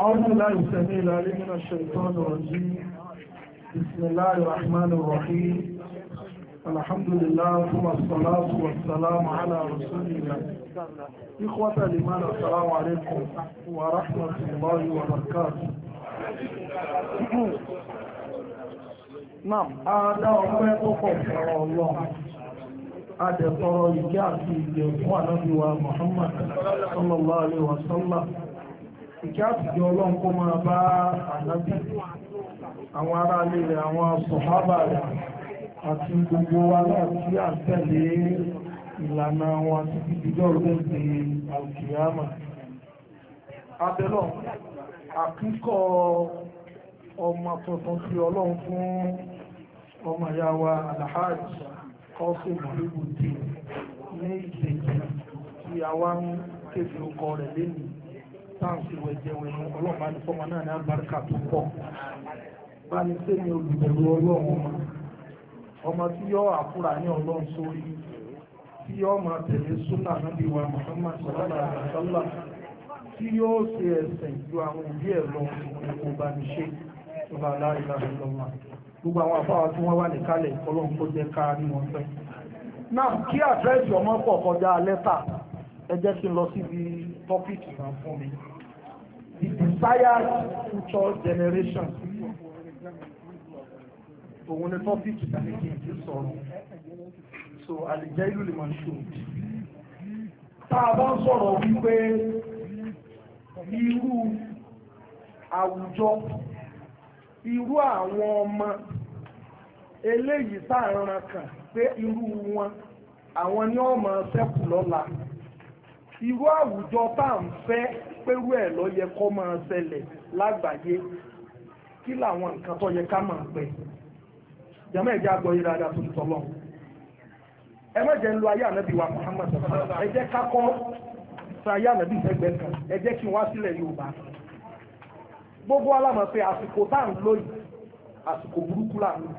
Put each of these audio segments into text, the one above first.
أعوذ بالله السميع العليم من الشيطان الرجيم بسم الله الرحمن الرحيم الحمد لله ثم الصلاة والسلام على رسول الله إخوة الإيمان السلام عليكم ورحمة الله وبركاته Naam, àádá ọpẹ́ tó pọ̀ sọ̀rọ̀ ọlọ́run. Adẹ̀tọ̀rọ̀ ìjẹ́ àti ìjẹ̀ fún ànábíwa Muhammad sallallahu alaihi wa ìkí àtijọ́ ọlọ́run kó máa bá ànábì àwọn ará ilé rẹ̀ àwọn sọ̀hábà rẹ̀ àti gbogbo wa náà tí à ń tẹ̀lé ìlànà wọn àti ìdíjọ́ ọ̀gbìn ti àlùkìyàmà abẹ́lọ́ àkíkọ́ ọmọ tuntun tí ọlọ́run fún ọmọ ìyá wa alhaji kọ́sí mọ̀lẹ́bù tí ní ìgbèjì tí a wá ń kéde ọkọ rẹ̀ lénìí táǹsì wẹ̀jẹ̀wẹ̀ ní ọlọ́pàá ní fọ́mọ náà ní àbáríkà tó pọ̀ bá ní sẹ́ni olùbẹ̀rù ọlọ́run ọmọ ọmọ tí yọ àfúrà ní ọlọ́run sórí tí yọ máa tẹ̀lé súnà níbi wa Muhammad sallallahu alaihi wasallam tí yóò ṣe ẹ̀sìn ju àwọn òbí ẹ̀ lọ kò bá ní ṣe tó bá láì gbogbo àwọn afáwa tí wọ́n wà ní kálẹ̀ ọlọ́run kó jẹ́ ká ní wọn fẹ́ biased future generation òun ni tọ́pìkì tàbí kí n ti sọ̀rọ̀ so àlìjẹ́ ìlú lè máa ṣòwò tá a bá ń sọ̀rọ̀ wípé irú àwùjọ irú àwọn ọmọ eléyìí tá a ràn kàn pé irú wọn àwọn ni wọ́n máa ṣẹ́kù lọ́la irú àwùjọ tá à ń fẹ́ pẹ̀lú ẹ̀ lọ yẹ kó máa ṣẹlẹ̀ lágbàáyé kí làwọn nǹkan tó yẹ ká máa pẹ̀ jàmọ́ ẹ̀jẹ̀ àgbọ̀ yìí dáadáa tó tọ̀ lọ. ẹ má jẹ́ ń lo ayé ànábì wa Muhammad ẹ jẹ́ ká kọ́ sa ayé ànábì sẹ́gbẹ̀ẹ́ kan ẹ jẹ́ kí n wá sílẹ̀ Yorùbá. gbogbo alámọ̀ pé àsìkò tá à ń lò àsìkò burúkú là ń lò.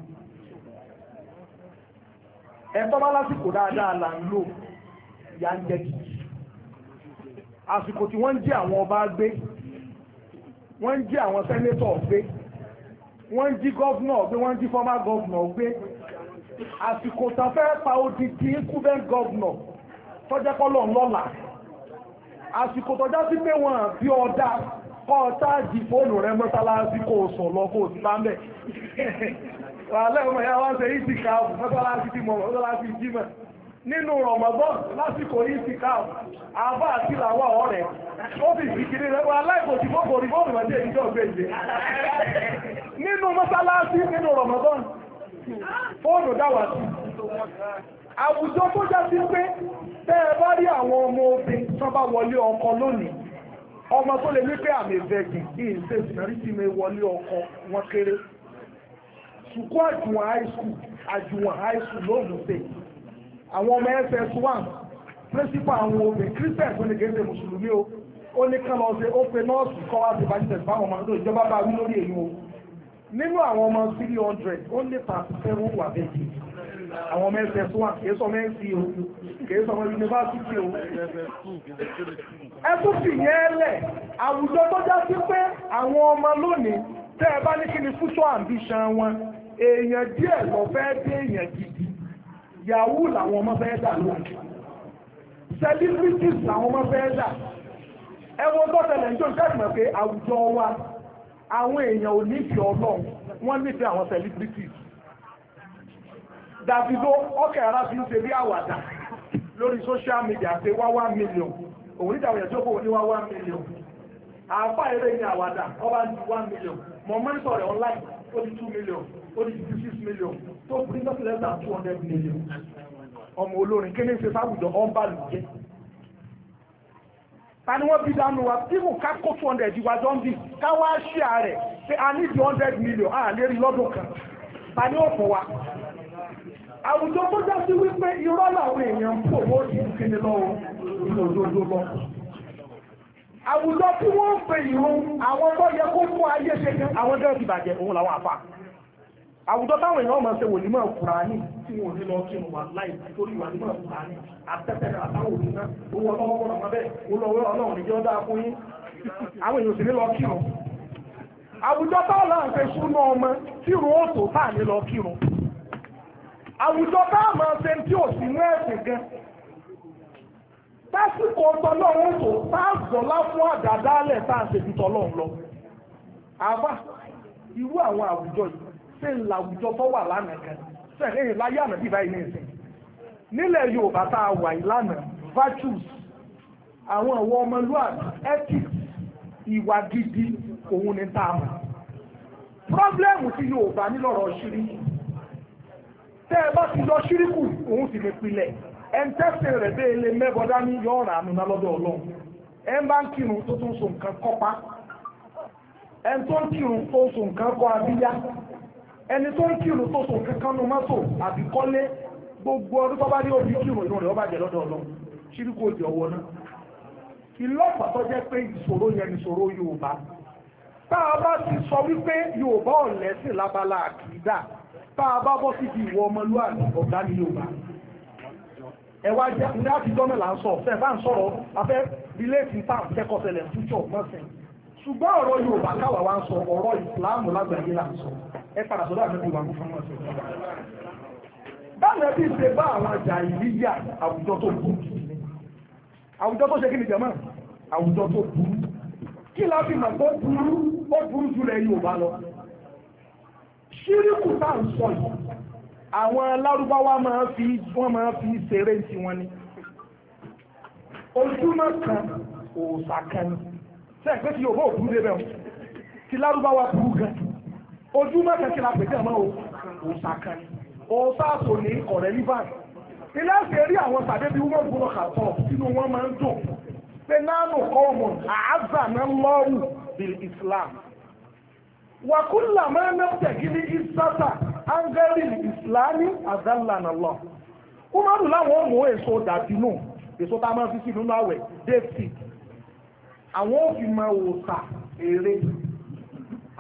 ẹ tọ́ bá lásìkò dáadáa là ń lò yà ń jẹ́ kìkì àsìkò tí wọ́n ń jí àwọn ọba gbé wọ́n ń jí àwọn sẹ́nétọ̀ gbé wọ́n ń jí gọ́vnọ̀ gbé wọ́n ń jí fọ́mà gọ́vnọ̀ gbé àsìkò tán fẹ́ pa odidi incumbent gọ́vnọ̀ tọ́jẹ́ kọ́lọ̀ ńlọ́la àsìkò tọ́já sí pé wọ́n bí ọ̀dà kọ́ táàjì fóònù rẹ mọ́sálásí kò sọ̀ lọ kò sí bá mẹ́ wàhálẹ́ ọmọ ìyá wa ń ṣe ìsìnká mọ́sálásí ti mọ̀ mọ́sálásí jímọ̀ nínú Ramadan lásìkò ìsìkáà àbá àti làwà ọ̀rẹ́ ó sì fi kiri rẹwà aláìkòsí fókò rí fóònù àti èyíjọ́ gbèjì nínú mọ́sálásí nínú Ramadan fóònù dáwà sí àwùjọ tó já sí pé tẹ́ ẹ bá rí àwọn ọmọ obìn tó bá wọlé ọkọ lónìí ọmọ tó lè ní pé àmì ìbẹ̀gìn kí n ṣe ìsìnàrí tí mi wọlé ọkọ wọn kéré ṣùkú àjùwọ̀n high school àjùwọ̀n high school lóòrùn state àwọn ọmọ ss1 principal àwọn obìnrin christian tó ní gẹ́gẹ́ mùsùlùmí o ó ní kán lọ sí ó pe nọ́ọ̀sì kọ́ wá sí bàjẹ́ báwọn ọmọ tó ìjọba bá wí lórí èyí o nínú àwọn ọmọ 300 ó ní tàbí fẹ́ràn wà bẹ́ẹ̀ àwọn ọmọ ss1 kìí sọ mẹ́sì o kìí sọ ọmọ yunifásitì o ẹtún sì yẹn lẹ̀ àwùjọ tó já sí pé àwọn ọmọ lónìí tẹ́ ẹ bá ní kí ni future ambition wọn èèyàn díẹ̀ lọ fẹ́ dé èèyàn gidi yahoo làwọn ọmọ fẹ́ dà lóòkè celebrities làwọn ọmọ fẹ́ dà ẹwọ́n tọ́tẹ̀lẹ̀ ń jò sẹ́gbẹ̀ pé àwùjọ wa àwọn èèyàn ò nífẹ̀ẹ́ ọlọ́run wọ́n nífẹ̀ẹ́ àwọn celebrities Davido ọkẹ̀ ara fi ń ṣe bí àwàdà lórí social media pé wá one million òun níta ní wá million àáfà eré ní àwàdà ọba ní ó two million ó six million tó bring us less than two hundred million ọmọ olórin kéde ṣe fáwùjọ ọ̀nbàlù jẹ́ ta ni wọ́n bí dánú wa tí kò ká kó two hundred ìwà jọ ń bì ká wá ṣíà rẹ̀ pé a ní two hundred million a lè rí lọ́dún kan ta ni ó fún wa àwùjọ tó já sí wípé irọ́ làwọn èèyàn ń pò wọ́n ti ń kíni lọ́wọ́ ìlòdòdó lọ àwùjọ tí wọ́n ń pè ìrun àwọn tó yẹ kó fún ayé ṣe kan àwọn gẹ́gẹ́ ti bàjẹ́ òun làwọn àfà àwùjọ táwọn èèyàn máa ṣe wò ní mọ̀ kùránì tí wọ́n ní lọ kí wọ́n wà láì torí wà ní mọ̀ kùránì àtẹ́tẹ́rẹ́ àtàwọn òbí náà owó ọlọ́wọ́ kọ́ lọ́mọ bẹ́ẹ̀ olówó ọlọ́run níjọ́ dáa fún yín àwọn èèyàn sì ní lọ kí wọn. àwùjọ táwọn náà ṣe súná ọmọ tí ro òtò táà ní lọ kí wọn. àwùjọ táwọn máa ṣe tí ò sí mú ẹ̀sìn gan tásìkò ọtọlọ́run tó táàzọ́lá fún àdàdálẹ̀ tá à ń ṣètò tọlọ́run lọ. àbá irú àwọn àwùjọ yìí ṣe ń la àwùjọ tó wà lánàá kan sẹ́yìn láyé àná bíbá yìí nìyẹn. nílẹ̀ Yorùbá tá a wà yìí lánàá virtues àwọn ìwọ ọmọlúwàbí ethics ìwà gidi òun ni tá a mọ̀. pírọ́blẹ́mù ti Yorùbá nílọ̀rọ̀ ṣírí tẹ́ ẹ bá ti lọ ṣírí kù òun sì lè pilẹ̀ ẹ̀ńtẹ́sìn rẹ̀ bẹ́ẹ̀ lè mẹ́bọ dání yọ ọ̀rọ̀ àánú náà lọ́dọ̀ ọlọ́run ẹ̀ ń bá ń kírun tó tún so nǹkan kọ́pá ẹ̀ tó ń kírun tó so nǹkan kọ́ abíyá ẹni tó ń kírun tó so nǹkan kan nu mọ́tò àbí kọ́lé gbogbo ọdún tó bá rí òbí kírun ìrun rẹ̀ ó bàjẹ́ lọ́dọ̀ ọlọ́run ṣíríkò òdì ọwọ́ náà ìlọ́pàá tó jẹ́ pé ìṣòro yẹn ni ìṣòro Yorùbá tá a bá ti sọ wípé Yorùbá ọ̀lẹ́sìn lábala àkìdá tá a bá bọ́ síbi ìwọ ọmọlúwàbí ọ̀gá ni Yorùbá ẹwà jẹ́ ní àtijọ́ mẹ́la ń sọ fẹ́ bá ń sọ̀rọ̀ afẹ́ relate in time ṣùgbọ́n ọ̀rọ̀ Yorùbá káwà wá ń sọ ọ̀rọ̀ ìsìláàmù lágbàáyé là ń sọ ẹ padà àmì ìwà fún báwọn ẹbí ṣe bá àwọn àjà ìlíyà àwùjọ tó burú àwùjọ tó ṣe kí ni àwọn lárúbáwá máa fi wọ́n máa fi ṣeré tí wọ́n ní ojúmọ́ kan òòsà kan ní sẹ́ẹ̀ pé tí yòówó òkú débẹ̀ wọn ti lárúbáwá burú gan ojúmọ́ kan kí la pèsè àmọ́ òòsà kan ní òòsà kò ní ọ̀rẹ́ livan ilé ẹ̀sẹ̀ rí àwọn tàbí bí wọ́n gbọ́dọ̀ kà tọ̀ sínú wọn máa ń dùn pé nánú kọ́ọ̀mù àázà náà lọ́rù bíi Islam wàkúlà máa ń mẹ́tẹ̀kí ní isata angari islami azalana lọ umaru láwọn ò mú èso dàbínú èso tá a máa fi sí nínú àwẹ̀ déètì àwọn ò fi mọ òòtà èrè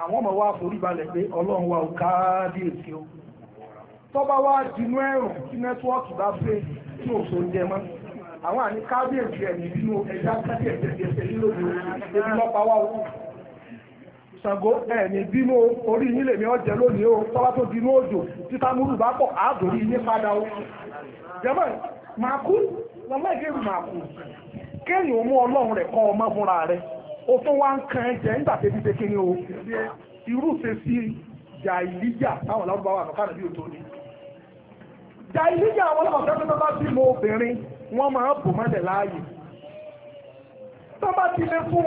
àwọn ọmọ wa forí balẹ̀ pé ọlọ́run wa ò káàdìyèsí o tọ́ba wa dinú ẹ̀rùn tí nẹ́tíwọ́ọ̀kì bá pé tí òṣò ń jẹ mọ́ àwọn àní kábíyèsí ẹ̀ nínú ẹja kábíyèsí ẹ̀ Ṣàngó ẹ̀ẹ̀ni bínú orí yín lèmi ọjẹ́ lónìí o tọ́lá tó bínú òjò títà múrù bá pọ̀ àádòrí yín padà o jẹ́mọ̀ máa kú lọ́lẹ́gẹ̀rù máa kú kéèyàn ó mú ọlọ́run rẹ̀ kọ́ ọmọ fúnra rẹ̀ ó tún wá ń kan ẹ̀jẹ̀ nígbà tẹ́bí pé kí ni o irú ṣe sí jà ìlíjà táwọn lárúbáwá àmọ́ kánà bí o tó ní jà ìlíjà àwọn ọlọ́run tó bá sí mo obìnrin wọ́n máa bò mọ́lẹ̀ láàyè tó bá ti lè fún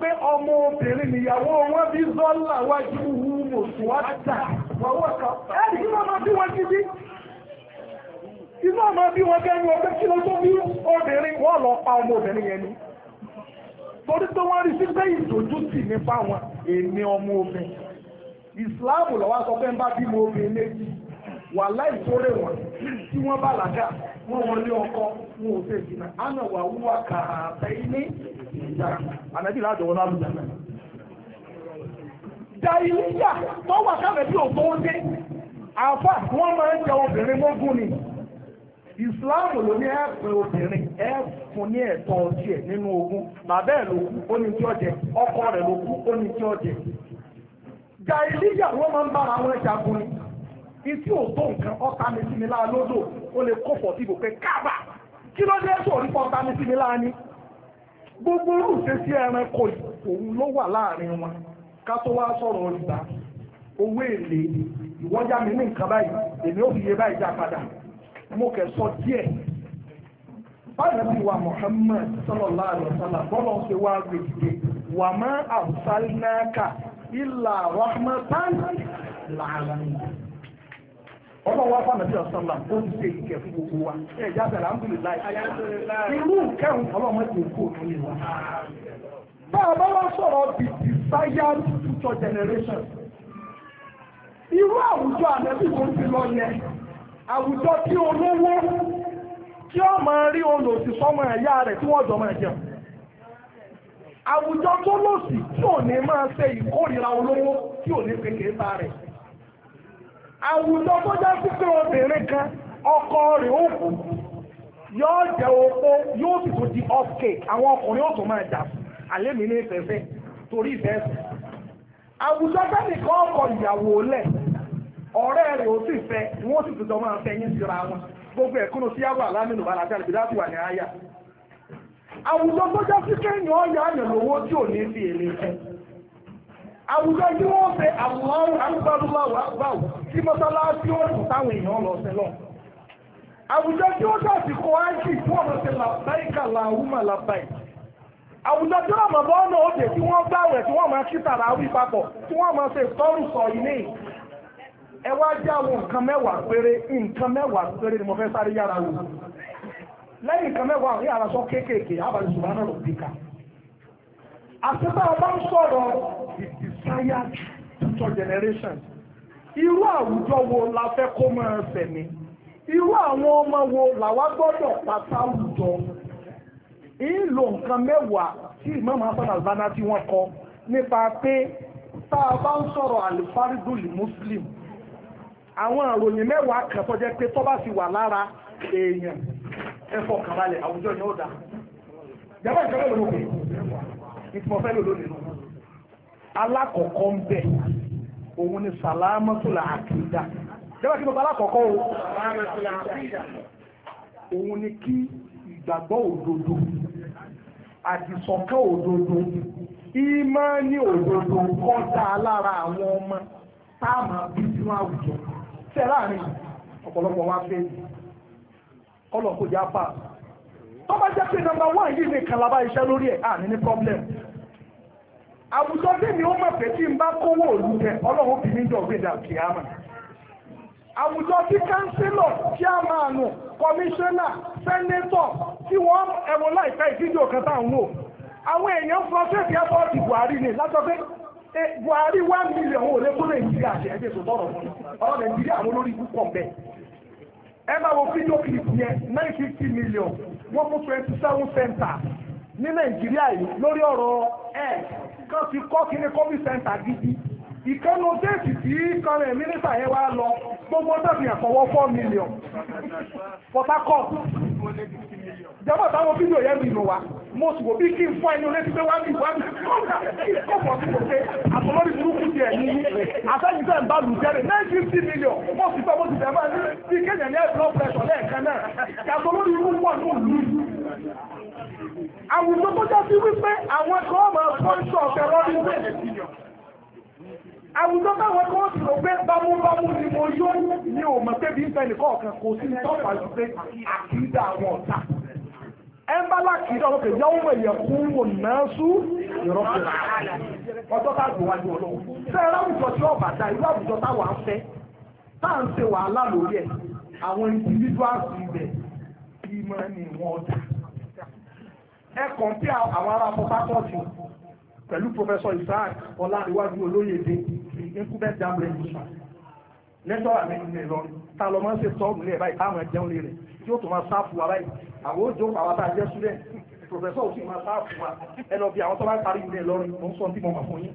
pé ọmọ obìnrin nìyàwó wọn bí zọ́là wájú wu mòṣùwátà wọ́wọ́ kan ẹ̀rì kí wọ́n máa bí wọ́n jíjí inú ọmọ bí wọ́n gẹ́nu ọgbẹ́ kí ló tó bí obìnrin wọ́n lọ pa ọmọ obìnrin yẹn ni torí tó wọ́n rí sí pé ìdójú tì ní fáwọn èmi ọmọ obìnrin ìsìláàmù lọ́wọ́ sọ pé ń bá bímọ obìnrin méjì wà láì tó tí wọ́n bá làgà wọ́n wọlé ọkọ wọn ò tẹ̀ jìnnà àná wà wúwa ilé náà. tó wà káfẹ́ bí òkú ó dé àfà máa ń jẹ obìnrin ni ìsìláàmù ló ní ẹ̀pẹ̀ obìnrin ẹ̀ fún ní ọtí nínú bàbá ló ọkọ rẹ ló kú ó ní tí ọjẹ. máa etí ò tó nǹkan ọ̀tá mi sí mi lára lódò ó lè kó fọ̀ síbò pé kábà kí ló dé ni gbogbo olùṣe sí ẹranko òun ló wà láàrin wọn ká tó wá sọ̀rọ̀ ìgbà owó èlé ìwọ́jà mi ní nǹkan báyìí èmi ò fi yé báyìí já padà mo kẹ́ sọ díẹ̀ báyìí wa Muhammad sallallahu alaihi wasallam bọ́lọ̀ ṣe wá wà má ìlà rahmatan ọlọ́wọ́ fàmẹ́sì ọ̀sánlá ó ti ṣe ìkẹ́ fún gbogbo wa ẹ̀ já bẹ̀rẹ̀ alhamdulillah irú kẹrùn ọlọ́mọ ti kú òtún lè wá. bá a bá wá sọ̀rọ̀ the desired future generation irú àwùjọ ànẹ́bí tó ti lọ yẹn àwùjọ tí olówó tí ó máa rí olòṣì sọmọ ẹ̀yà rẹ̀ tí wọ́n jọ máa jẹun àwùjọ tó lòṣì tí ò ní máa ṣe ìkórìíra olówó tí ò ní pèkè bá rẹ̀ àwùjọ tó já sí pé obìnrin kan ọkọ rẹ̀ ó kú yóò jẹ́ opó yóò sì tún di ọ̀kẹ́ àwọn ọkùnrin ó tún máa jà fún àlẹ́mì ní ìfẹ́fẹ́ torí ìfẹ́fẹ́ àwùjọ tẹ́nìkan ọkọ ìyàwó lẹ̀ ọ̀rẹ́ rẹ̀ ó sì fẹ́ wọ́n sì tún jọ máa fẹ́ yín síra wọn gbogbo ẹ̀kúnnù sí yàrá alámìnú alájà àlùbídá ti wà ní àyà àwùjọ tó já sí kéèyàn ọ̀yà àyàn lówó tí ò ní fi èlé fẹ́ àwùjọ tí wọ́n fẹ́ àwùwárù àgbàlúwàwù àgbàwù tí mọ́sálásí ọ̀dùn táwọn èèyàn lọ sí lọ. àwùjọ tí wọ́n dàbí kó wá jì tí wọ́n lọ sí làbáìkà làwùmà làbáì. àwùjọ tí wọ́n mọ̀bọ́ ọ̀nà òde tí wọ́n gbàwẹ̀ tí wọ́n máa kí tàràwì papọ̀ tí wọ́n máa ṣe tọ́rù sọ ilé. ẹ wá jẹ́ àwọn nǹkan mẹ́wàá péré nǹkan mẹ́wàá péré ni mo fẹ́ sáré yára wò. lẹ́yìn nǹkan mẹ́wàá yàrá sọ kéékèèké àbàlùsùn bá náà lọ inspired future generations irú àwùjọ wo la fẹ́ kó máa sẹ̀mí irú àwọn ọmọ wo làwa gbọ́dọ̀ pátá àwùjọ ń lo nǹkan mẹ́wàá tí Imam Hasan Albana tí wọ́n kọ nípa pé tá a bá ń sọ̀rọ̀ àlùfáàrídùlì muslim àwọn àròyìn mẹ́wàá kan tó jẹ́ pé tó bá sì wà lára èèyàn ẹ̀fọ́ kàbalẹ̀ àwùjọ ni ó dà. ìjàmbá ìjọba ìlú òkè ìtumọ̀fẹ́ lò lónìí alákọ̀ọ́kọ́ ń bẹ̀ òun ni sàlámọ́tòlà àkìdá jẹ́wọ́ kí gbogbo alákọ̀ọ́kọ́ o òun ni kí ìgbàgbọ́ òdodo àdìsọ́kẹ́ òdodo ìmánì òdodo kọ́ dáa lára àwọn ọmọ táàmà bí sínú àwùjọ tẹ́ láàrin ọ̀pọ̀lọpọ̀ wá fẹ́ kọ́lọ̀ kó jápa tó bá jẹ́ pé nọ́mbà wán yìí ní kalaba iṣẹ́ lórí ẹ̀ àní ní pọ́blẹ́mù àwùjọ tèmi ó mọ̀ pé tí n bá kówó òlu ọlọ́run mi jọ gbèdà kìámà àwùjọ tí kánsílọ̀ chairman kọmíṣánná sẹ́nẹ́tọ̀ tí wọ́n ẹ̀wọ̀n láìpẹ́ ìfídíò kan tá wò àwọn èèyàn fọ́sẹ̀tì Buhari ni Buhari wá lè ẹgbẹ́ tó tọrọ fún Nàìjíríà àwọn olórí púpọ̀ bẹ ẹ máa wo fídíò yẹn nine kan ti kọ́ kí ní covid center gidi ìkànnì déètì tí kọrin mínísà yẹn wá lọ gbogbo dàbí àfọwọ́ four million Port Harcourt jẹ́bọ̀ táwọn fídíò yẹn bì nù wá mo sì wò bí kí n fọ́ ẹni olétí pé wá bì wá bì kọ́pọ̀ sí mo pé àtọ́lórí burúkú tiẹ̀ ní àtẹ́yìn tẹ̀ ń bá lù jẹ́rẹ̀ nine million mo sì fẹ́ mo sì fẹ́ máa ní bí kéèyàn ní ẹ̀ blood pressure lẹ́ẹ̀kan náà kí àtọ́lórí irú pọ̀ ní òlù àwùjọ tó jẹ́ sí wípé àwọn kan máa fọ́nṣọ́ ọ̀fẹ́rọ́ wípé àwùjọ táwọn kan ti rò pé bámúbámú ni mo yó ní òmọ̀ pé bí ń fẹ́ nìkan ọ̀kan kò sí tọ́pàá ju pé àkídà àwọn ọ̀tá ẹnbálà kìí ọ̀rọ̀ kìí yọ ohun èyẹ kú wò náà sú ìrọ́pẹ̀ ọjọ́ tá a gbò wájú ọlọ́run ṣé ẹ láwùjọ tí ọba dá irú àwùjọ táwa ń fẹ́ tá à ń ṣe wàhálà lórí ẹ̀ àwọn individuals ibẹ̀ kí máa ní wọn ọjà ẹ kọ̀ǹpí àwọn ará Port Harcourt pẹ̀lú Professor Isaac Ọláníwájú Olóyèdè incumbent dam revolution lẹ́tọ́rà mẹ́rin Ìlọrin ta lọ máa ń ṣe tọ́ọ̀mù ní ẹ̀bá ìtàwọn ẹ̀jẹun lè rẹ̀ tí ó tó máa sáàfù wa báyìí àwọn ó jó àwọn tá a jẹ́ student Professor ó sì máa sáàfù wa ẹ lọ bí àwọn tó bá parí ilé Ìlọrin mo ń sọ tí mo mọ̀ fún yín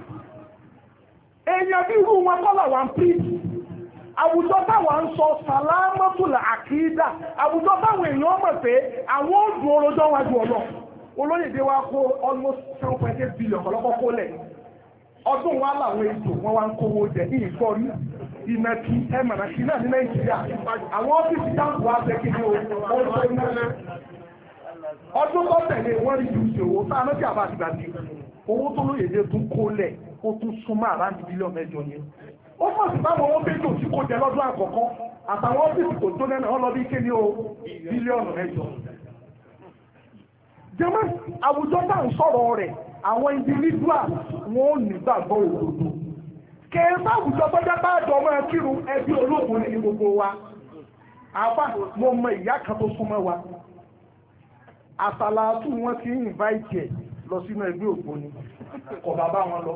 èèyàn bí irú wọn kọ́ làwọn píìtì àwùjọ táwọn ń sọ sàlámọ́tòlà àkìídà àwùjọ táwọn èèyàn mọ̀ pé àwọn ò dùn wọn ju ọ̀nà olóyèdè wa kó almost seven point eight billion ọlọ́kọ́ kó lẹ̀ ọdún wa làwọn ètò wọn wá ń kówó jẹ ìfọrí ìmẹ̀tì ẹ̀mọ̀nàkì náà ní nàìjíríà àwọn ọ́fíìsì táwọn wá bẹ́ẹ̀ kí ni o ọdún náà ọdún tó ó tún súnmọ́ àbáǹdì bílíọ̀nù mẹ́jọ yẹn ó mọ̀ sí báwọn owó bẹ́ẹ̀ tó tí kò jẹ lọ́dún àkọ́kọ́ àtàwọn ọ́fíìsì tó tó lẹ́nu ọlọ́bí ké ní o bílíọ̀nù mẹ́jọ. jẹ́mọ́ àwùjọ tá à ń sọ̀rọ̀ rẹ̀ àwọn individual wọn ò nígbàgbọ́ òdodo kẹ̀ẹ́fà àwùjọ tọ́jà bá jọ ọmọ kírun ẹbí olóògùn ní gbogbo wa àbá mo mọ ìyá kan tó súnmọ́ wa àtàlàtù wọn ti ń invite ẹ lọ sínú ẹgbẹ́ ògbóni kọ̀ bàbá wọn lọ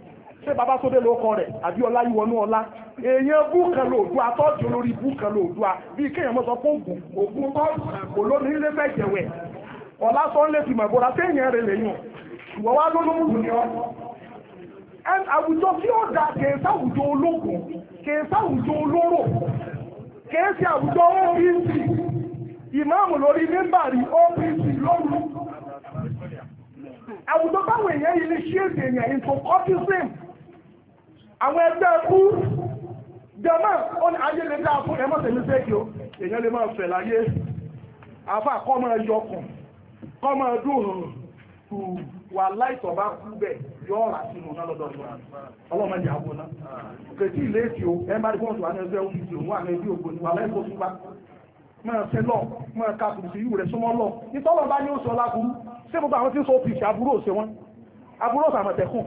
ṣé bàbá sódé ló kọ rẹ̀ àbí ọlá ìwọnú ọlá èèyàn búkan lòdùá tọ́jú lórí búkan lòdùá bíi kéèyàn mọ́ sọ pé ògùn ògùn kọ́ olómi fẹ́ jẹ̀wẹ̀ ọ̀lá sọ ń lè fi màbọ́ra téèyàn rẹ̀ ìwọ̀ wá ni ọ́ àwùjọ tí ó da kèé sáwùjọ ológun kèé sáwùjọ olóró kèé OPC ìmáàmù lórí mímbàrí OPC lóru àwùjọ èèyàn ilé àwọn ẹgbẹ́ ẹkú jẹmọ́ ó ní ayé lè dáa fún ẹmọ́ tẹ̀mí séèkì o èèyàn lè máa fẹ̀ láyé àfà kọ́ máa yọkùn kọ́ máa dùn hù wà láìsọ̀ bá kú bẹ̀ yọ ọ̀rà sínú náà lọ́dọ̀ ọlọ́mọ ìyá wọn náà kètì ilé èsì o ẹ bá rí fọ́ọ̀tù àwọn ẹgbẹ́ òun ìdìbò wọn àwọn ẹbí ògbóni wà láìsọ̀ fún bá máa fẹ́ lọ máa ka kùrùsì yìí rẹ̀ súnmọ́ lọ nítọ́lọ́ bá ní ó sọ láburú ṣé gbogbo àwọn tí ń sọ òfìsì àbúrò òsè wọn àbúrò òsè àmọ̀tẹ̀kùn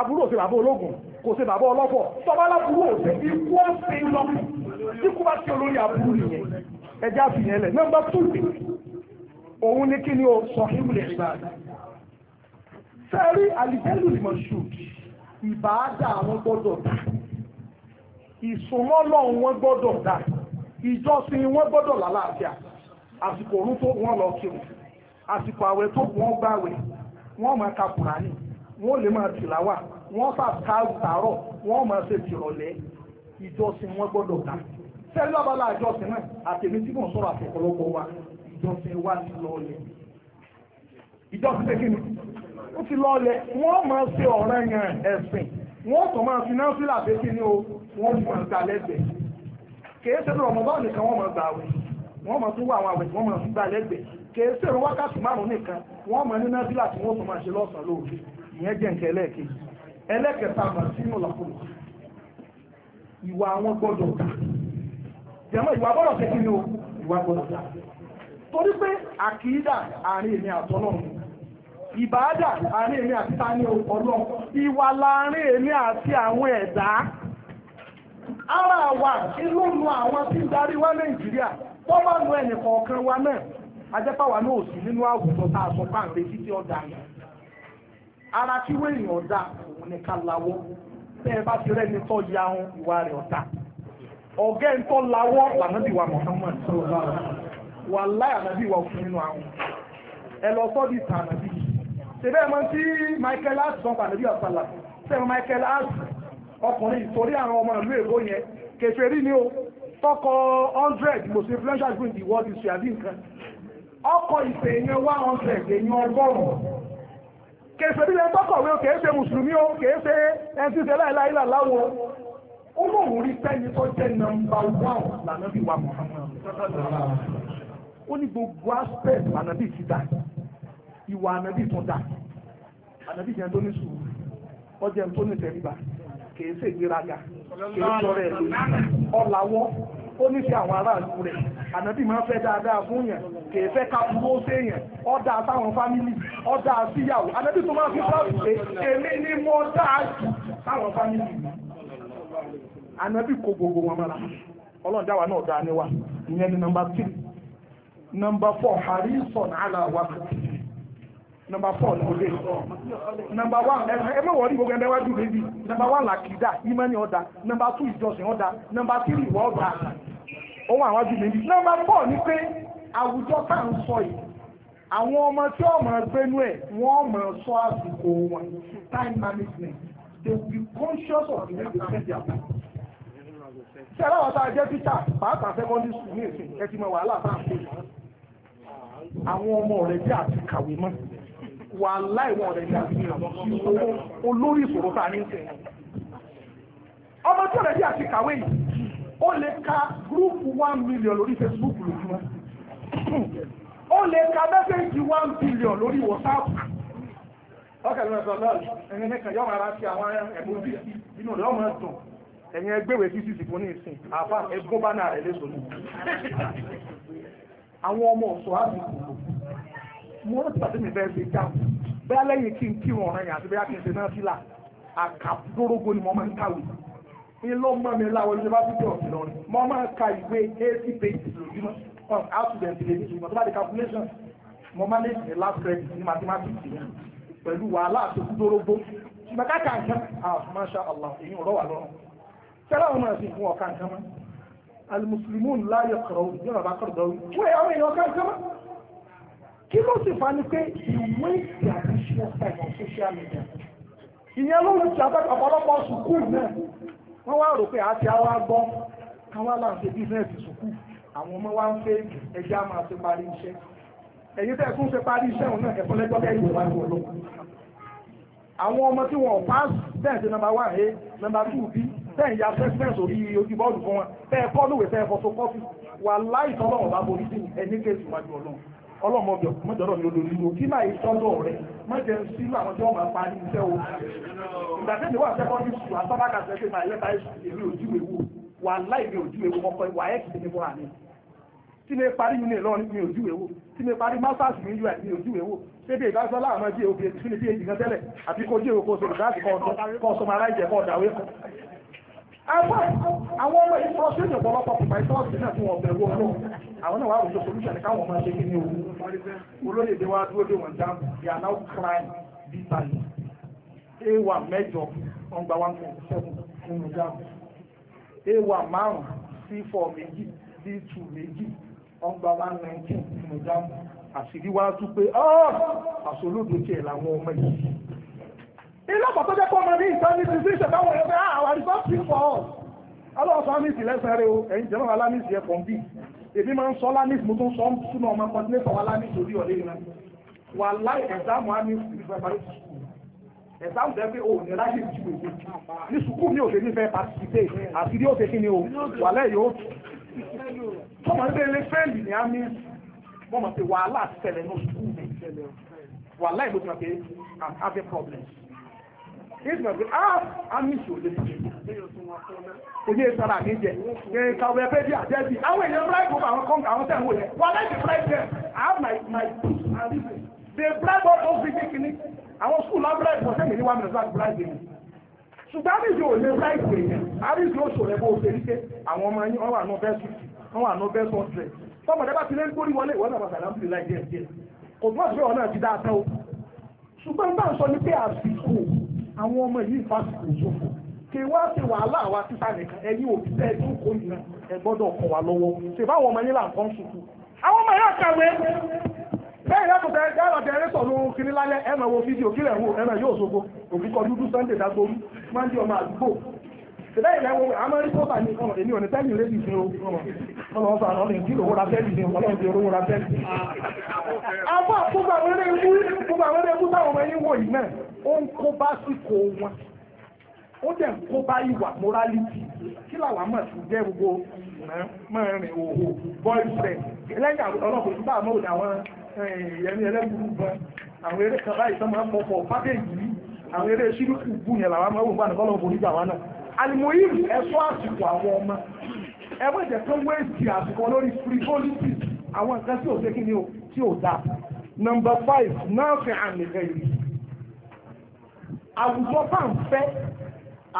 àbúrò òsè bàbá ológun kò sí bàbá ọlọ́pọ̀ tọ́ba aláburú òsè ikú ọ̀sẹ̀ lọ ikú bá ti olórí aburú nìyẹn ẹjẹ́ àfihàn ẹlẹ̀ nọ́mbà tù òun ní kí ni ó sọ ìwúlẹ̀ ìbáàdà sẹ́rí àlìjẹ́lù ìmọ̀ṣù ìbáàdà àwọn gbọ́dọ̀ dà ìsúnmọ́lọ̀ wọn gbọ́dọ̀ dà ìjọsìn wọn gbọ́dọ̀ lálàáfíà àsìkò òun tó wọn lọ kírun àsìkò àwẹ̀ tó wọn gbàwẹ̀ wọn máa ka kùránì wọn lè máa tìláwà wọ́n sàkáàrù tààrọ̀ wọ́n máa ṣe tìrọ̀lẹ́ ìjọsìn wọn gbọ́dọ̀ dá sẹ́yìn lábala ìjọsìn náà àtẹ̀mí tí mò ń sọ̀rọ̀ àtẹ̀kọ́lọ́pọ̀ wa ìjọsìn wa ti lọ́ọ̀lẹ̀ ìjọsìn pékin ó ti lọ́ọ̀lẹ̀ wọ́n máa ṣe ọ̀rẹ́ yẹn ẹ̀sìn wọ́n tó máa fi náà fílà pékin ní o wọ́n ti máa gbà lẹ́gbẹ̀ẹ́ kìí ṣe lọ́mọ bá nìkan wọ́n máa gbà àwẹ̀ wọ́n máa tún wá àwọn àwẹ̀ tí wọ́n máa fi gbà lẹ́gbẹ̀ẹ́ kìí ṣe wákàtí márùn-ún nìkan wọ́n máa ní náà fílà tí wọ́n tó máa ṣe lọ́sàn-án lóòrè ìyẹn jẹ́ nǹkan ẹlẹ́ẹ̀kejì ẹlẹ́kẹta màsínú làkùn ìwà àwọn gbọ́dọ̀ dà jẹ́mọ́ ìwà gbọ́dọ̀ tẹ́kí ni o ìwà gbọ́dọ̀ dà torí pé àkìídà àárín èmi àtọ́lọ́run ìbáàdà àárín èmi àti tani ọlọ́run ìwà láàárín èmi àti àwọn ẹ̀dá ara wa inú nu àwọn tí ń darí wá Nàìjíríà wọ́n bá nu ẹnì kọ̀ọ̀kan wa náà ajẹ́pàwà náà ò sí nínú àwùjọ tá a sọ pàǹpẹ́ títí ọ̀dà yẹn ara tí wọ́n èèyàn ọ̀dà òun ni ká lawọ́ tẹ́ ẹ bá ti rẹ́ni tọ́ ya ohun ìwà rẹ̀ ọ̀dà ọ̀gá ẹ̀ ń tọ́ lawọ́ lànàbí wa Muhammad wà láì ànàbí wa òfin nínú àwọn ẹ lọ sọ́ di tàn ànàbí ṣẹbẹ́ ẹ mọ tí Michael hart sọ pàdánù bí ọ̀sálà ṣẹbẹ́ Michael hart ọkùnrin ìtòrí àwọn ọmọ ìlú èkó yẹn kèfèrí ni o tọkọ hundred most influential people in the world history àbí nǹkan ọkọ̀ ìpè yẹn one hundred èèyàn ọgọ́rùn-ún kèsè bí ẹni tọ́kọ̀wé o kèése mùsùlùmí o kèése ẹni tí ó ṣe láìláì rí sẹ́ni tó jẹ́ nọmba wán lànà bí wa Muhammad ó ní gbogbo aspect ànàbí ti dà ìwà ànàbí tó dà ànàbí jẹ́ tó ní sùúrù ó jẹ́ tó ní tẹ̀lébà kèése ìgbéraga kèése ọ̀rẹ́ ẹ̀ lórí ó nífẹ̀ẹ́ àwọn aráàlú rẹ̀ ànábì máa fẹ́ dáadáa fún yàn kìí fẹ́ ká burú ó séèyàn ó dáa sáwọn fámìlì síyàwó ànábì tó máa fi pé èmi ni mo dáa jù sáwọn fámìlì ànábì kó gbogbo wọn mọ́ra ọlọ́run dáwà náà dáa ìyẹn ni nọmba nọmba fọ wa nọmba fọ nọmba ẹ gbogbo wájú nọmba làkìdá ni nọmba ìjọsìn nọmba ohun àwọn ajú mi. nọ́mbà four ni pé àwùjọ tá à ń sọ yìí àwọn ọmọ tí wọ́n máa gbénú ẹ̀ wọ́n máa sọ àsìkò wọn time management they will be conscious of the way they spend their time. ṣé aláwọ̀ tá a jẹ́ títà pàápàá secondary school ní èsì ẹ ti mọ wàhálà tá à ń pè é. àwọn ọmọ rẹ̀ bí àti kàwé mọ́ wàhálà ìwọ̀n rẹ̀ bí àti kàwé mọ́ olórí ìṣòro tá a ní ń tẹ̀. ọmọ tí ó rẹ̀ bí àti kàwé yìí ó lè ka gúrúùpù one million lórí Facebook lójúmọ́ ó lè ka mẹ́sẹ̀jì one billion lórí WhatsApp ọkàlùmọ̀ ẹ̀sọ̀ náà ẹ̀yìn nìkan yọ́ ara sí àwọn ẹ̀bùn bí inú rẹ̀ ọmọ ẹ̀dùn ẹ̀yìn ẹgbẹ́wẹ̀ sí sísì fún ní ìsìn àfá ẹgbọ́n bá náà rẹ̀ lẹ́sọ̀ ní àwọn ọmọ ọ̀sọ̀ àti kòkò mo rántí pàtó mi bẹ́ẹ̀ ṣe dáhùn bẹ́ẹ̀ lẹ́yìn kí n kí wọn ọ̀ràn yàn àti bẹ́ẹ̀ kí n ṣe náà sílà àkàdórógbó ni mo máa ń kàwé ló mọ́ mi láwọn yunifásitì ọ̀sìn lọ mọ́ máa ka ìwé eighty pages lójúmọ́ on how to dem delay this one tó bá di calculation mo manage the last credit ní mathematics yẹn pẹ̀lú wàhálà àti òkúdórógbó ṣùgbọ́n káàkà nǹkan ah masha allah èyí ò rọ́wà lọ́rùn tẹ́lẹ̀ wọn máa fi fún ọ̀ka nǹkan mọ́ alimuslimun láyọ̀ kọ̀rọ̀ òjò bàbá kọ̀rọ̀ dọ̀rọ̀ wọ́n yà wọ́n èèyàn ọ̀ka nǹkan mọ́ kí ló sì fa ni pé ìwé ìdí àdúṣe ọ̀sẹ̀ on social media ìyẹn ló ń ṣe àtàkọ̀ ọ̀pọ̀lọpọ̀ sùkúù náà wọ́n wá rò pé àti àwa gbọ́ káwọn aláǹṣe bísíǹsì sùkúù àwọn ọmọ wa ń fẹ́ ẹja máa ṣe parí iṣẹ́ ẹ̀yin tẹ́ fún ṣe parí iṣẹ́ òun náà ẹ̀fọ́ lẹ́jọ́ bẹ́ẹ̀ yóò wá wọ̀ lọ. àwọn ọmọ tí wọn ò bẹ́ẹ̀ ṣe nọ́mbà one a eh, nọ́mbà two b bẹ́ẹ̀ ya assessment orí ojú bọ́ọ̀lù fún wọn bẹ́ẹ̀ kọ́ lóòwé fẹ́ fọ́tò kọ́fì wà láì tọ́lọ́wọ̀n ọlọ́mọbẹ̀ mọ́jọ́rọ̀ ni olórí ìlú kí máa ìtọ́jọ́ rẹ̀ mọ́jẹ́ sí àwọn tí wọ́n máa pa ní iṣẹ́ o ìgbàtẹ́ni wà sẹ́kọ́ndì sù àtọ́bàkà sẹ́kẹ́ máa yẹ́ta èmi ojú ewu wà láì mi ojú ewu mọ́kọ́ wà ẹ́ kìí ní fúnra mi tí mi parí mi lọ́rin mi ojú ewu tí mi parí masters mi ui mi ojú ewu ṣébi ìdásọ́ láàmọ́ bí ewu bí ewu tẹ́lẹ̀ àti kó dé ewu sọ̀rọ̀ láti kọ́ ọ̀dọ́ kọ́ sọmaráìjẹ́ àwọn ọmọ yìí fọ́ sínú ọ̀pọ̀lọpọ̀ pípa ìtọ́ọ̀sì náà tí wọ́n bẹ̀rù ọlọ́run àwọn náà wà rùjọ solúṣà ní káwọn máa ṣe kí ní òun olóyèdè wa dúró dé wọn dáàbò they are now crying bitterly a one mẹ́jọ wọn gba one point seven nínú dáàbò a one márùn c four méjì d two méjì wọn gba one nineteen nínú dáàbò àṣírí wa tún pé ọ́ ah! àṣolódò tiẹ̀ làwọn ọmọ yìí ilé ọ̀pọ̀ tó jẹ́ pọ́ máa ní ìsánìtì sí ìṣẹ̀dáwọ̀ ẹgbẹ́ àwọn ah, àrísọ́ọ̀tì pọ̀ aláwọ̀sánìtì lẹ́sẹ̀rẹ́ o ẹ̀yìn jẹ́rọ̀ alámìsì ẹ̀ pọ̀n bí èmi máa ń sọ lámìsì mo tún sọ ń súnmọ́ ọmọ kọ́dínétọ̀ wa lámìsì orí ọ̀lẹ́ ìran wà láì ẹ̀sáàmù ámìsì ìfẹ́parí sùkúù ẹ̀sáàmù tẹ́ pé o ní ráyè ju èdè ní sùkúù mi ò ṣe nífẹ̀ẹ́ pàṣípé àti bí ó ṣe kí ni o wà lẹ́ yóò tọ́mọ̀ ní ilé fẹ́ẹ̀lì ní ámìsì mọ́mọ́ pé wàhálà ṣẹlẹ̀ ní sùkúù mi wà láì ló ti mọ̀ problems ìgbà ah, I have my my they bribe all those big kini àwọn school náà bribe for sẹ́mi ní one minute láti bribe mi ṣùgbọ́n àbíjì ò lè bribe èèyàn àbíjì ó ṣòro ẹ̀bọ́ òṣèré pé àwọn ọmọ yín wọ́n wà ní ọbẹ̀ sùn wọ́n wà ní ọbẹ̀ sùn ọ̀sẹ̀ tọmọdé bá ti lé ń gbórí wọlé ìwọ́n náà bàtà láti àwọn ọmọ yìí fásitì òṣòfò kí wá sí wàhálà àwa títà nìkan ẹ̀yin òbí tẹ́ ẹ̀dún kò yìí ẹ gbọ́dọ̀ kọ̀ wá lọ́wọ́ ṣe báwọn ọmọ yín là ń kọ́ ń sùkú. àwọn ọmọ yóò kàwé bẹ́ẹ̀ yàtọ̀ tẹ ẹ lọ tẹ̀lé sọ̀rọ̀ ohun kiri lálẹ́ ẹ máa wo fídíò kílẹ̀ wo ẹ máa yóò ṣogo òbí kọ dúdú Sunday dagboru máa ń di ọmọ àdúgbò. ṣe bẹ́ẹ̀ yẹn wo àmọ́ rí pọ́pà ní ọ̀rọ̀ èmi ò ní tẹ́lẹ̀ lé ọlọ́wọ́ sọ àwọn ọ̀rìn tí òwúra tẹ́lì ní ọlọ́run ti òwúra tẹ́lì. àbá gbogbo àwọn eré ewu gbogbo àwọn eré ewu táwọn ọmọ yín wò yìí náà ó ń kó bá síkò wọn ó dẹ̀ ń kó bá ìwà morality kí làwọn àmọ̀ sí jẹ́ gbogbo mọ́rin òhò boyfriend lẹ́yìn àwọn ọlọ́pàá ìgbà àmọ́ òdà àwọn eh, ẹ̀yẹmí ẹlẹ́gbùrú gan àwọn eré kan báyìí sọ́mọ́ fọ́fọ́ pákéjì yìí àwọn eré ṣírùkù gùn yẹn làwọn ọmọ òwò ń bá nìkan lọ́wọ́ onígbà wa náà àlùmọ́yìn ẹ̀ṣọ́ àsìkò àwọn ọmọ ẹ má jẹ́ kán wéèsì àsìkò lórí frivolity. politics àwọn nǹkan tí ò ṣe kí ni o tí ò dáa. nọmba five náà fi àmì ẹ̀yìn àwùjọ bá ń fẹ́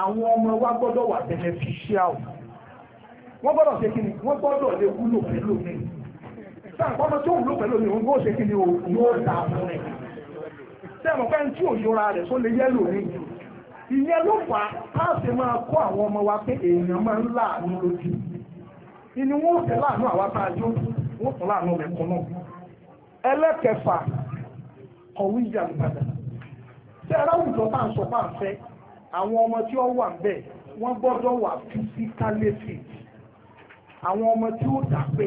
àwọn ọmọ wa gbọ́dọ̀ wà beneficial wọ́n gbọ́dọ̀ ṣe kí ni wọ́n gbọ́dọ̀ lè wúlò pẹ̀lú mi sáà ọmọ tó wúlò pẹ̀lú mi òun gbọ́ ṣe kí ni o yóò dà fún mi sẹ́mọ̀ pé tí ò yọra rẹ̀ tó lè yẹ́lò mi ìyẹn ló fà á ṣe máa kọ́ àwọn ọmọ wa pé èèyàn máa ń láàánú lójú inú wọn ò fẹ́ láàánú àwa tá a jó wọn ò tún láàánú mẹ̀kún náà ẹlẹ́kẹfà kọ̀wé ìyá Ìbàdàn tí aráwùjọ bá ń sọ bá ń fẹ́ àwọn ọmọ tí ó wà bẹ́ẹ̀ wọ́n gbọ́dọ̀ wà physically fit àwọn ọmọ tí ó dà pé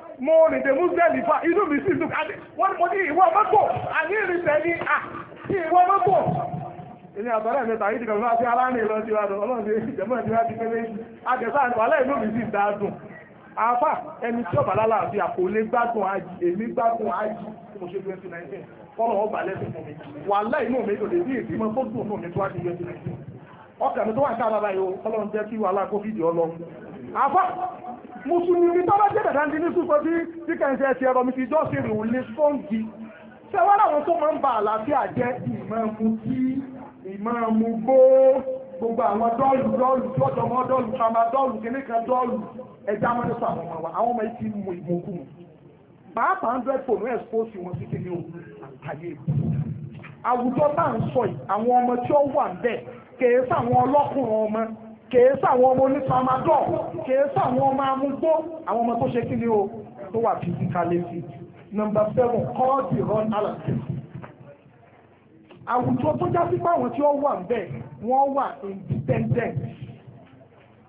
mo rìn dé Muzdalifa inú mi sì dùn àti wọ́n ní mo ní ìwọ mọ́tò àní ìrìnsẹ̀ ni à ní ìwọ mọ́tò. Èmi àbálẹ̀ mẹ́ta yìí ti kàn máa fi aláàrin lọ sí ìwádọ̀ ọlọ́run ṣe ìjẹ̀mọ́ ìdí láti pé méjì. Àgẹ̀sà àbálẹ̀ inú mi sì dá dùn. Àfà ẹni tí ọ̀bà lálà àti àkọlé gbádùn àjì èmi gbádùn àjì tí mo ṣe twenty nineteen fọ́nà ọ̀bà lẹ́sìn fún mi. Wàhálà inú mi ò lè ní ìdímọ̀ tó dùn fún mi tó wá sí twenty nineteen. Ọkàn mi tó wà ká bàbá yìí o, ọlọ́run jẹ́ kí wàhálà kófíìdì ọlọ́run. Àfà mùsùlùmí tó bá jẹ́ bẹ̀rẹ̀ ní súnfọ́ sí tí kẹ́ǹsẹ̀ ẹ̀sì ẹ̀rọ mi ti jọ́ sí rìn lè sọ́ǹgì ṣẹwọ́n àwọn tó máa ń ba àlàáfíà jẹ́ ìmọ̀ọ̀mù kí ìmọ̀ọ̀mù gbó gbogbo àwọn dọ́ọ̀lù dọ́ọ̀lù tọ́jọmọ́ dọ́ọ̀lù pàmà dọ́ọ̀lù kìnnìkan dọ́ọ̀lù ẹja mọ́nítọ̀ àwọn ọmọ wa àwọn kèé sáwọn ọmọ onípamadọ́ kèé sáwọn ọmọ amúgbó àwọn ọmọ tó ṣe kí ni o tó wà fìdíkalẹ̀ sí nọmba seven kọ́ọ̀dì run alaska àwùjọ tó já sí pé àwọn tí wọ́n wà ń bẹ̀ wọ́n wà independent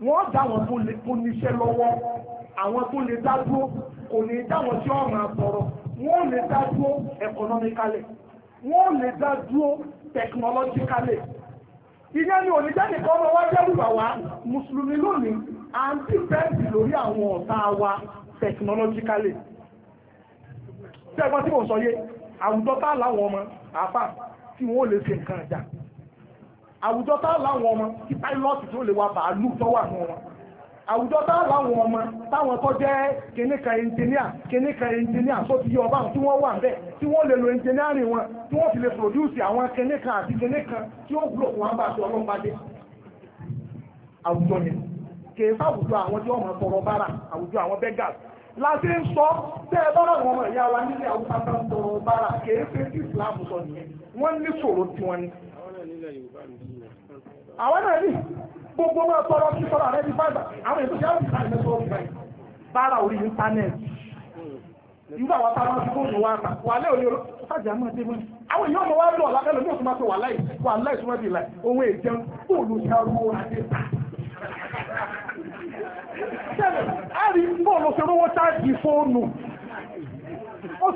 wọ́n dá àwọn tó níṣẹ́ lọ́wọ́ àwọn tó lè dá dúró kò ní dá àwọn tí wọ́n máa sọ̀rọ̀ wọ́n lè dá dúró economically wọ́n lè dá dúró technologically ìyẹn ni oníjẹ́ni kan lọ wá jẹ́rùbà wá mùsùlùmí lónìí àǹtí pẹ́ǹtì lórí àwọn ọ̀tá wa technologically tẹ́gbọ́n tí mo sọ yé àwùjọ tá láwọn ọmọ àfà tí wọ́n lè ṣe nǹkan ìjà àwùjọ tá láwọn ọmọ tí pilot tí lè wa bàálù tọ́wà mọ́ àwùjọ táwọn ọmọ táwọn tó jẹ́ kìnníkan ẹnjìníà kìnníkan ẹnjìníà tó ti yí ọba tí wọ́n wà bẹ́ẹ̀ tí wọ́n lè lo ẹnjìníàrì wọn tí wọ́n fi lè pòdúùsì àwọn kìnníkan àti kìnníkan tí ó gbúrò fún àbáṣe ọlọ́mbadé àwùjọ ni kìí sáwùjọ àwọn tí wọ́n mọ̀ sọ̀rọ̀ bára àwùjọ àwọn beggars láti ń sọ tẹ́ ẹ bá wọn ọmọ ìyá wa nílé àwùjọ bá ń sọ̀rọ̀ bára kìí fi sí Islam sọ nìyẹn wọ́n ní sọ̀rọ̀ tiwọn ni. àwọn náà ní gbogbo nwa tọrọ sí sọ́rọ̀ rẹ̀ ní fáìbà àwọn ètò ìyá òkúta ìmẹ́sọ̀ òkúta yìí bára orí íńtánẹ́ẹ̀tì ìgbà wa tára sí fóònù wa ta wà lẹ́ òní sájà máa dé mọ́ àwọn èèyàn lọ lábẹ́ máa tó wà láì wà láì láì òun fóònù adé ta. sẹ́lẹ̀ rí fóònù ṣe rówó fóònù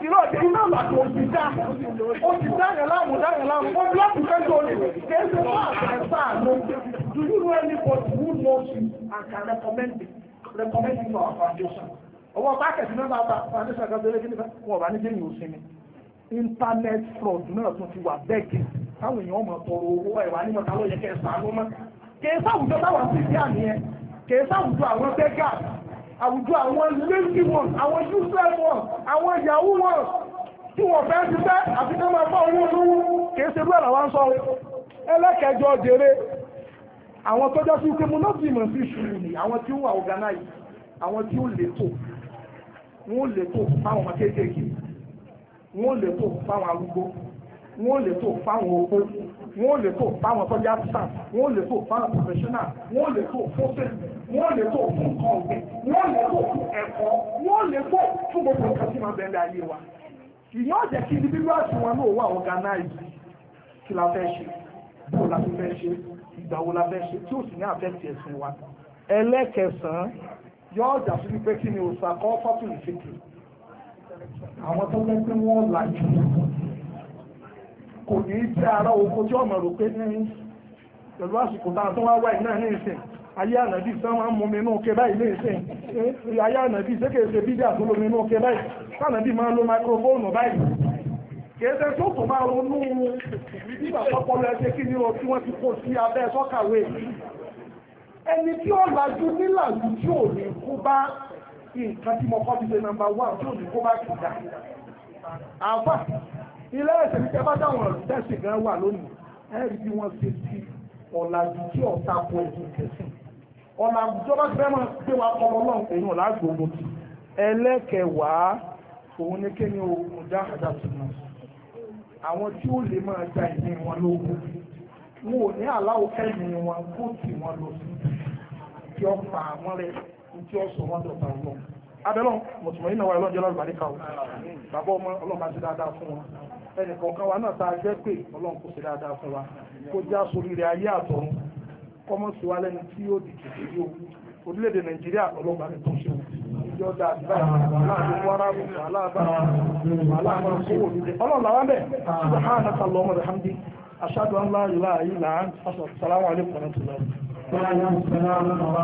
sì lọ iná òsì dá òsì dá yẹn láàmú dá yẹn láàmú bí fẹ́ tó kéésì fún Do you know anybody who knows you and can recommend you? Recommend you for our foundation. Ọwọ́ pákẹ̀tì náà bá ta foundation kan tó lé kí ni fẹ́? Wọ́n bá ní jẹ́ ni. Internet fraud náà tún ti wà bẹ́ẹ̀kì. Táwọn èèyàn ọmọ tọrọ owó ẹ̀wà nímọ̀ táwọn yẹ kẹ́ ẹ̀ sàánú mọ́. Kèé sáwùjọ táwọn sì bí àmì yẹn. Kèé sáwùjọ àwọn bẹ́gà. Àwùjọ àwọn lazy ones, àwọn useless ones, àwọn yahoo ones. Tí wọ́n fẹ́ ti fẹ́ àfi kí wọ́n máa fọ́ owó olówó. Kèé ṣe bẹ́ẹ̀ làwọn sọ. Ẹlẹ́kẹjọ jèrè àwọn tó jásí pé mo náà bímọ sí ìṣòro ni àwọn tí ó wà organize àwọn tí ó lètò wọ́n lètò fáwọn ọmọ kéékèèké wọ́n lètò fáwọn arúgbó wọ́n lètò fáwọn opó wọ́n lètò fáwọn tọ́jà staff wọ́n lètò fáwọn professional wọ́n lètò fún sẹ́yìn wọ́n lètò fún nǹkan ọ̀gbìn wọ́n lètò fún ẹ̀kọ́ wọ́n lètò fún gbogbo nǹkan tí máa bẹ̀rẹ̀ ayé wa ìyẹn ọ̀jẹ̀ kí ibi bíbí àti wọn náà wà organize kí la fẹ́ ṣe bóò la fi fẹ́ ṣe ìgbà wo la fẹ́ ṣe tí ó sì ní àfẹ́tì ẹ̀sìn wa ẹlẹ́kẹsàn-án yọ ọjà sí wípé kí ni òòsà kọ́ fọ́tò ìfìkì àwọn tó lẹ́sí wọ́n làjú kò ní jẹ́ ara oko tí ọmọ rò pé ní pẹ̀lú àsìkò táà tó wá wá iná ní ìsìn ayé ànàbí sánwà mú mi náà ké báyìí ní ìsìn ayé ànàbí sékèèsè bídí àtúlómi náà ké báyìí sánàbí máa lo máikrófóònù báyìí kẹ́ẹ̀ẹ́ tó tó máa ronú nígbà tọ́pọ̀lọ ẹgbẹ́ kí ní ọdún wọ́n ti kó sí abẹ́ sọ́kàwé ẹni tí ó lajú nílàjú tí ò ní kó bá nǹkan tí mo kọ́ ti ṣe nàmbà wà tí ò ní kó bá kìdá àfà ilé ẹ̀sẹ̀ ní kẹfà táwọn tẹ̀sì gan wà lónìí ẹ̀rí bí wọ́n ṣe ti ọ̀làjú tí ọ̀tá kó ẹ̀sìn kẹsìn ọ̀làjú tó bá fẹ́ mọ́ pé wa kọ́ ọlọ́run òun ọ̀làjú òun ẹlẹ́kẹ̀wàá òun ní kéde òun àwọn tí ó lè máa gba ìní wọn lógún wọn ò ní aláwọ̀ kẹ́mi wọn kó tì wọn lọ sí tí ó pa àwọn rẹ̀ tí ó sọ wọn dọ̀tà wọn abẹ́lọ́ mọ̀tùmọ̀ yìí náà wà lọ́jọ́ lọ́rùn àríkà o bàbá ọmọ ọlọ́mà ti dáadáa fún wọn ẹnì kọ̀ọ̀kan wa náà tá a jẹ́ pé ọlọ́run kò sí dáadáa fún wa kó já sórí rẹ̀ ayé àtọ̀run kọ́mọ́sí wa lẹ́ni tí yóò dìtì sí yóò orílẹ̀-èdè nàìjíríà ọlọ́run bá ní tó ṣe jọ dáadáa aláàbò wàrà aláàbò aláàbò kówó nílé ọlọ́ọ̀lá wa bẹ̀ subhanaka allahumma wa bihamdika ashhadu an la ilaha illa anta astaghfiruka wa atubu ilayk